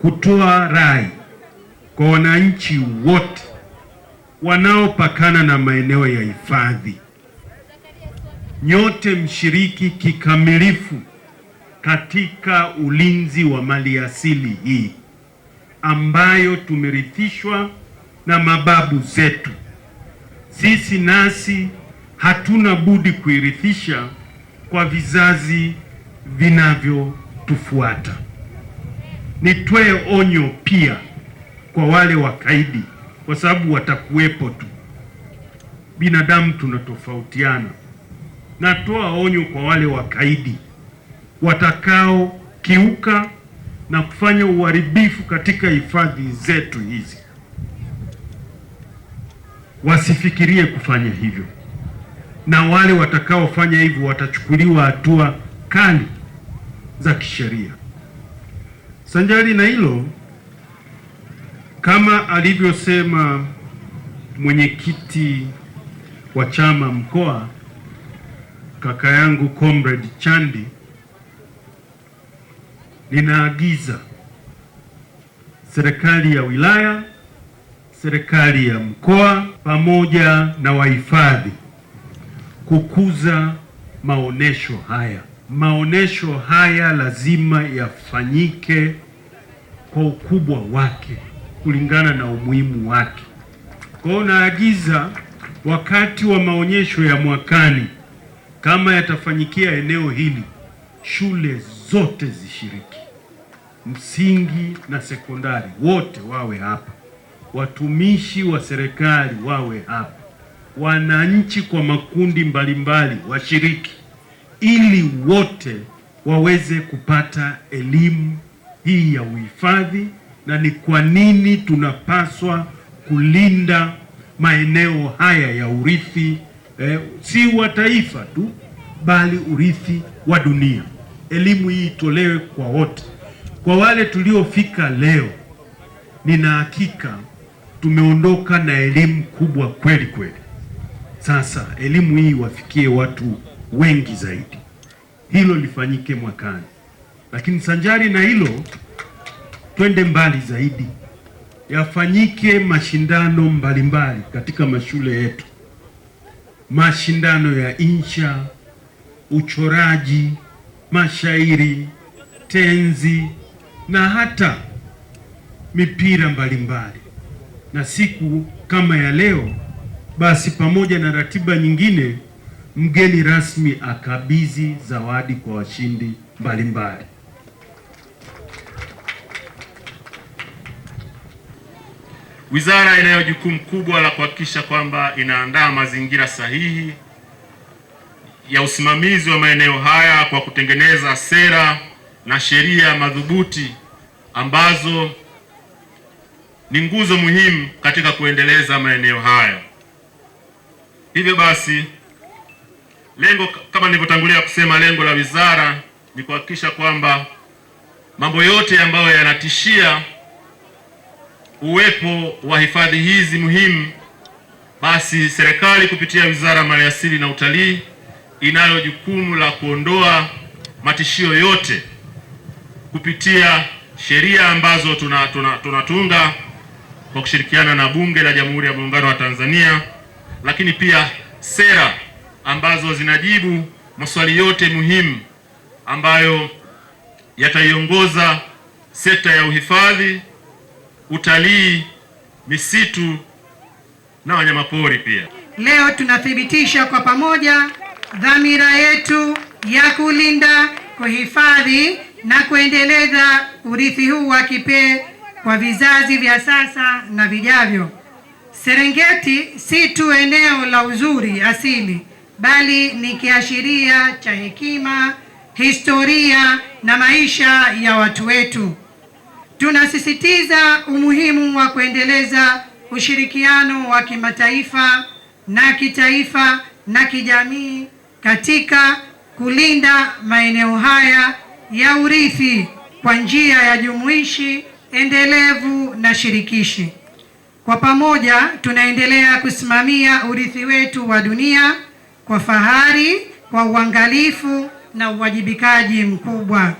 kutoa rai kwa wananchi wote wanaopakana na maeneo ya hifadhi, nyote mshiriki kikamilifu katika ulinzi wa mali asili hii ambayo tumerithishwa na mababu zetu. Sisi nasi hatuna budi kuirithisha kwa vizazi vinavyotufuata. Nitoe onyo pia kwa wale wakaidi, kwa sababu watakuwepo tu. Binadamu tunatofautiana. Natoa onyo kwa wale wakaidi watakaokiuka na kufanya uharibifu katika hifadhi zetu hizi, wasifikirie kufanya hivyo, na wale watakaofanya hivyo watachukuliwa hatua kali za kisheria. Sanjari na hilo, kama alivyosema mwenyekiti wa chama mkoa kaka yangu Comrade Chandi, ninaagiza serikali ya wilaya, serikali ya mkoa pamoja na wahifadhi kukuza maonesho haya. Maonesho haya lazima yafanyike kwa ukubwa wake kulingana na umuhimu wake. Kwa hiyo naagiza wakati wa maonyesho ya mwakani kama yatafanyikia eneo hili, shule zote zishiriki, msingi na sekondari, wote wawe hapa, watumishi wa serikali wawe hapa, wananchi kwa makundi mbalimbali washiriki, ili wote waweze kupata elimu hii ya uhifadhi na ni kwa nini tunapaswa kulinda maeneo haya ya urithi eh, si wa taifa tu bali urithi wa dunia. Elimu hii itolewe kwa wote. Kwa wale tuliofika leo, nina hakika tumeondoka na elimu kubwa kweli kweli. Sasa elimu hii wafikie watu wengi zaidi, hilo lifanyike mwakani. Lakini sanjari na hilo, twende mbali zaidi, yafanyike mashindano mbalimbali mbali katika mashule yetu, mashindano ya insha, uchoraji, mashairi, tenzi na hata mipira mbalimbali mbali. Na siku kama ya leo basi, pamoja na ratiba nyingine, mgeni rasmi akabidhi zawadi kwa washindi mbalimbali mbali. wizara inayo jukumu kubwa la kuhakikisha kwamba inaandaa mazingira sahihi ya usimamizi wa maeneo haya kwa kutengeneza sera na sheria madhubuti ambazo ni nguzo muhimu katika kuendeleza maeneo haya. Hivyo basi, lengo kama nilivyotangulia kusema, lengo la wizara ni kuhakikisha kwamba mambo yote ambayo yanatishia uwepo wa hifadhi hizi muhimu, basi serikali kupitia Wizara ya Maliasili na Utalii inayo jukumu la kuondoa matishio yote kupitia sheria ambazo tunatunga tuna, tuna kwa kushirikiana na Bunge la Jamhuri ya Muungano wa Tanzania, lakini pia sera ambazo zinajibu maswali yote muhimu ambayo yataiongoza sekta ya uhifadhi utalii, misitu na wanyamapori pia. Leo tunathibitisha kwa pamoja dhamira yetu ya kulinda, kuhifadhi na kuendeleza urithi huu wa kipekee kwa vizazi vya sasa na vijavyo. Serengeti si tu eneo la uzuri asili, bali ni kiashiria cha hekima, historia na maisha ya watu wetu. Tunasisitiza umuhimu wa kuendeleza ushirikiano wa kimataifa na kitaifa na kijamii katika kulinda maeneo haya ya urithi kwa njia ya jumuishi, endelevu na shirikishi. Kwa pamoja tunaendelea kusimamia urithi wetu wa dunia kwa fahari, kwa uangalifu na uwajibikaji mkubwa.